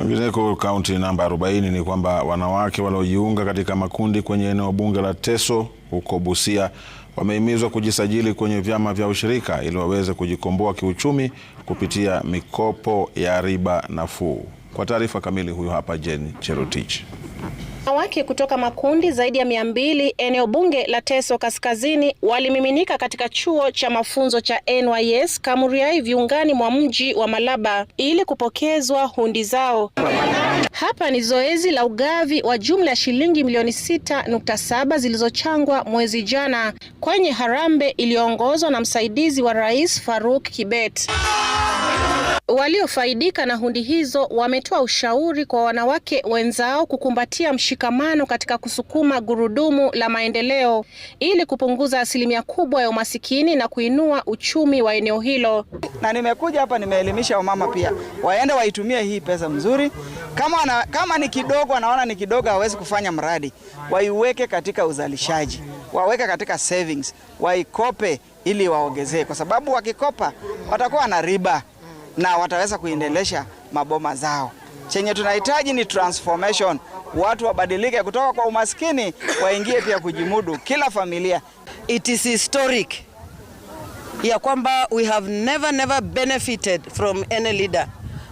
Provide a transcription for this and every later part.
Kwingineko, kaunti namba 40 ni kwamba wanawake waliojiunga katika makundi kwenye eneo bunge la Teso huko Busia wamehimizwa kujisajili kwenye vyama vya ushirika ili waweze kujikomboa kiuchumi kupitia mikopo ya riba nafuu. Kwa taarifa kamili, huyu hapa Jane Cherotich. Wanawake kutoka makundi zaidi ya mia mbili eneo bunge la Teso Kaskazini walimiminika katika chuo cha mafunzo cha NYS Kamuriai viungani mwa mji wa Malaba ili kupokezwa hundi zao. Hapa ni zoezi la ugavi wa jumla ya shilingi milioni 6.7 zilizochangwa mwezi jana kwenye harambee iliyoongozwa na msaidizi wa Rais Faruk Kibet. Waliofaidika na hundi hizo wametoa ushauri kwa wanawake wenzao kukumbatia mshikamano katika kusukuma gurudumu la maendeleo ili kupunguza asilimia kubwa ya umasikini na kuinua uchumi wa eneo hilo. Na nimekuja hapa nimeelimisha wamama pia waende waitumie hii pesa mzuri. Kama, na, kama ni kidogo anaona ni kidogo hawezi kufanya mradi, waiweke katika uzalishaji, waweke katika savings, waikope ili waongezee, kwa sababu wakikopa watakuwa na riba na wataweza kuendelesha maboma zao. Chenye tunahitaji ni transformation, watu wabadilike kutoka kwa umaskini waingie pia kujimudu, kila familia. It is historic ya kwamba we have never never benefited from any leader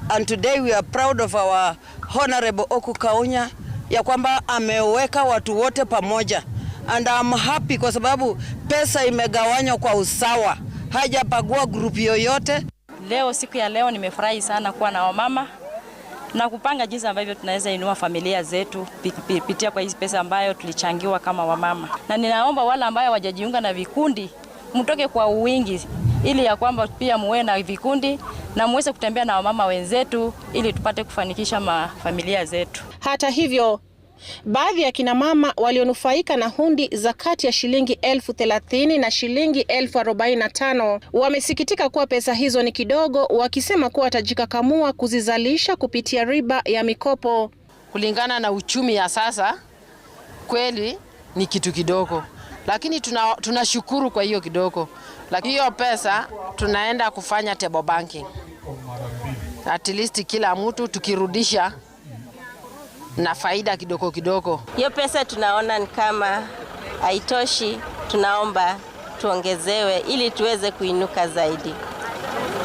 and today we are proud of our honorable Oku Kaunya ya kwamba ameweka watu wote pamoja and I'm happy kwa sababu pesa imegawanywa kwa usawa, hajapagua grupu yoyote. Leo siku ya leo nimefurahi sana kuwa na wamama na kupanga jinsi ambavyo tunaweza inua familia zetu kupitia kwa hizi pesa ambayo tulichangiwa kama wamama, na ninaomba wale ambao wajajiunga na vikundi mtoke kwa wingi, ili ya kwamba pia muwe na vikundi na muweze kutembea na wamama wenzetu ili tupate kufanikisha mafamilia zetu. Hata hivyo Baadhi ya kinamama walionufaika na hundi za kati ya shilingi elfu thelathini na shilingi elfu arobaini na tano wamesikitika kuwa pesa hizo ni kidogo, wakisema kuwa watajikakamua kuzizalisha kupitia riba ya mikopo. Kulingana na uchumi ya sasa, kweli ni kitu kidogo, lakini tunashukuru tuna kwa hiyo kidogo, lakini hiyo pesa tunaenda kufanya table banking. At least kila mtu tukirudisha na faida kidogo kidogo. Hiyo pesa tunaona ni kama haitoshi, tunaomba tuongezewe ili tuweze kuinuka zaidi.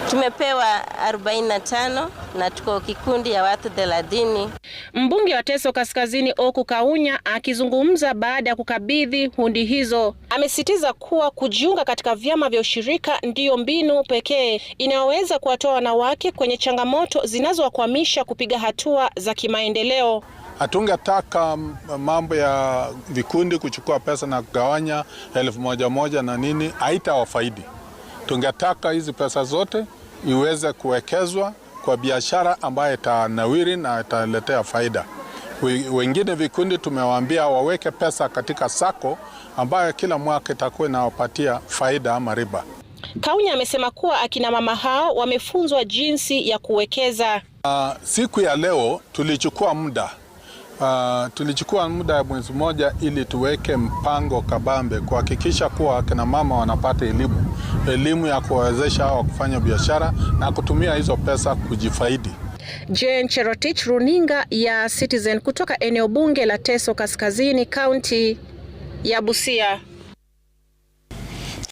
Tumepewa 45 na tuko kikundi ya watu thelathini. Mbunge wa Teso Kaskazini Oku Kaunya akizungumza baada ya kukabidhi hundi hizo, amesisitiza kuwa kujiunga katika vyama vya ushirika ndiyo mbinu pekee inayoweza kuwatoa wanawake kwenye changamoto zinazowakwamisha kupiga hatua za kimaendeleo. Hatungetaka mambo ya vikundi kuchukua pesa na kugawanya elfu moja moja na nini, haitawafaidi. Tungetaka hizi pesa zote iweze kuwekezwa kwa biashara ambayo itanawiri na italetea faida. Wengine vikundi tumewaambia waweke pesa katika sako ambayo kila mwaka itakuwa inawapatia faida ama riba. Kaunya amesema kuwa akina mama hao wamefunzwa jinsi ya kuwekeza. Uh, siku ya leo tulichukua muda uh, tulichukua muda ya mwezi mmoja ili tuweke mpango kabambe kuhakikisha kuwa akina mama wanapata elimu elimu ya kuwawezesha wa kufanya biashara na kutumia hizo pesa kujifaidi. Jane Cherotich, runinga ya Citizen kutoka eneo bunge la Teso Kaskazini, kaunti ya Busia.